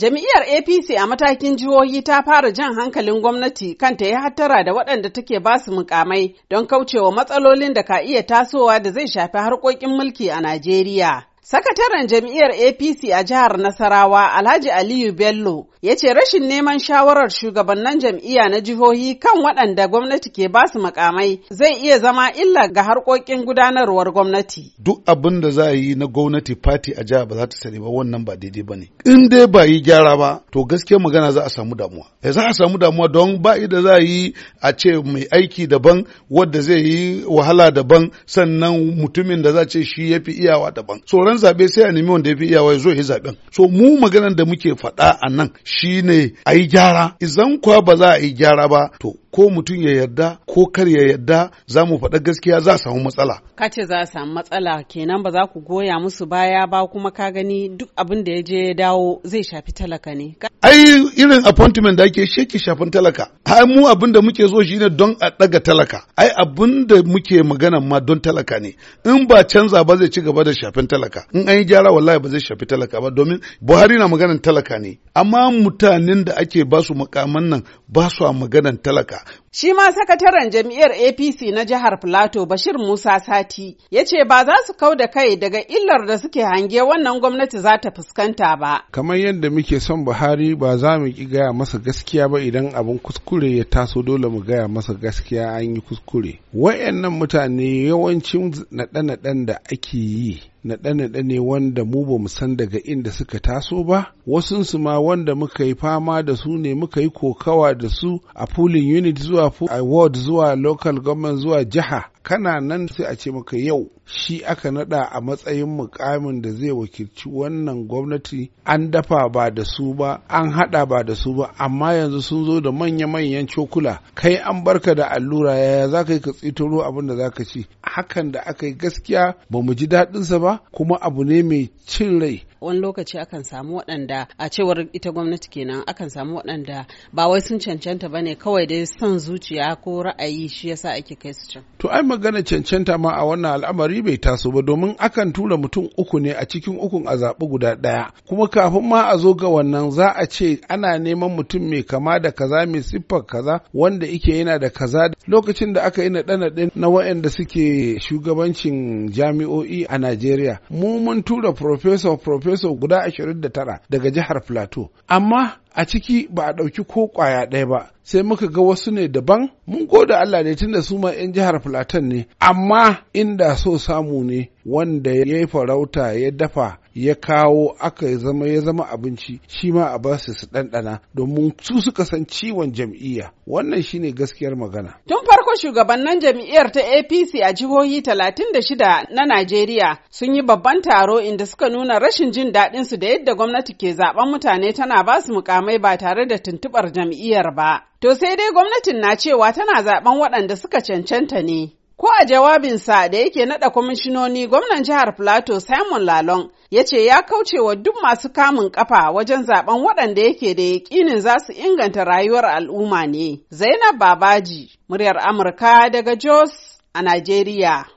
Jami'iyar APC a matakin jihohi ta fara jan hankalin gwamnati kan ta yi hattara da waɗanda take ba su mukamai don kaucewa matsalolin da ka iya tasowa da zai shafi harkokin mulki a Najeriya. Sakataren jam'iyyar APC a jihar Nasarawa Alhaji Aliyu Bello ya ce rashin neman shawarar shugabannin jam'iyya na jihohi kan waɗanda gwamnati ke ba su makamai zai iya zama illa ga harkokin gudanarwar gwamnati. Duk abin da za a yi na gwamnati fati a jihar ba za ta sani ba wannan ba daidai ba ne. In dai ba yi gyara ba to gaskiya magana za a samu damuwa. Ya eh, za a samu damuwa don ba da za a yi a ce mai aiki daban wadda zai yi wahala daban sannan mutumin da za a ce shi ya fi iyawa daban. an zaɓe sai a nemi wanda ya fi iyawa ya zo ya zaɓen so mu maganar da muke faɗa a nan shine a yi gyara idan kuwa ba za a yi gyara ba to ko mutum ya yarda ko kar ya yarda za mu faɗa gaskiya za a samu matsala. Ka ce za a samu matsala kenan ba za ku goya musu baya ba kuma ka gani duk abin da ya je ya dawo zai shafi talaka ne. irin appointment da ake shi ke shafin talaka ai mu abin da muke so shine don a daga talaka ai abin da muke magana ma don talaka ne in ba canza ba zai ci gaba da shafin talaka in an yi gyara wallahi ba zai shafi talaka ba domin Buhari na maganan talaka ne amma mutanen da ake basu su makaman nan ba su a maganan talaka Shi ma sakataren jam'iyyar APC na jihar Filato Bashir Musa Sati ya ce ba za su kau da kai daga illar da suke hange wannan gwamnati za ta fuskanta ba. Kamar yadda muke son Buhari ba za mu ki gaya masa gaskiya ba idan abin kuskure ya taso dole mu gaya masa gaskiya an yi kuskure. Wayannan mutane yawancin naɗe-naɗen da ake yi naɗe-naɗe ne wanda mu ba mu san daga inda suka taso ba wasunsu ma wanda muka yi fama da su ne muka yi kokawa da su a pooling unit zuwa ward zuwa local government zuwa jiha kana nan sai a ce maka yau shi aka nada a matsayin mukamin da zai wakilci wannan gwamnati an dafa ba da su ba an hada ba da su ba amma yanzu sun zo da manya-manyan cokula kai an barka da allura yaya za ka yi ka tsitoro abin da za ka ci hakan da aka yi gaskiya ba mu ji daɗinsa ba kuma abu ne mai cin rai wani lokaci akan samu waɗanda a cewar ita gwamnati kenan akan samu waɗanda ba wai sun cancanta ba ne kawai dai son zuciya ko ra'ayi shi yasa ake kai su can to ai magana cancanta ma a wannan al'amari al'amari bai taso ba domin akan tura mutum uku ne a cikin ukun a zaɓi guda ɗaya kuma kafin ma a zo ga wannan za a ce ana neman mutum mai kama da kaza mai siffar kaza wanda ike yana da kaza lokacin da aka yi na naɗe na wayanda suke shugabancin jami'o'i a Najeriya mu mun tura professor professor guda ashirin da tara daga jihar Plateau amma a ciki ba a ɗauki ko ƙwaya ɗaya ba sai muka ga wasu ne daban mun gode Allah ne tunda su ma 'yan jihar Filatan ne amma inda so samu ne wanda ya yi farauta ya dafa ya kawo aka zama ya zama abinci shi ma a basu su ɗanɗana domin su suka san ciwon jam'iyya wannan shine gaskiyar magana. Tun farko shugabannin jam'iyyar ta APC a jihohi talatin da shida na Najeriya sun yi babban taro inda suka nuna rashin jin daɗin su da yadda gwamnati ke zaben mutane tana ba su mukamai ba tare da tuntuɓar jam'iyyar ba. To sai dai gwamnatin na cewa tana zaben waɗanda suka cancanta ne. Ko a jawabinsa da yake naɗa kwamishinoni gwamnan jihar Plateau Simon Lalong ya ce ya kauce wa duk masu kamun kafa wajen zaben waɗanda yake da yakinin za su inganta rayuwar al'umma ne. Zainab Babaji, muryar Amurka daga Jos a Najeriya.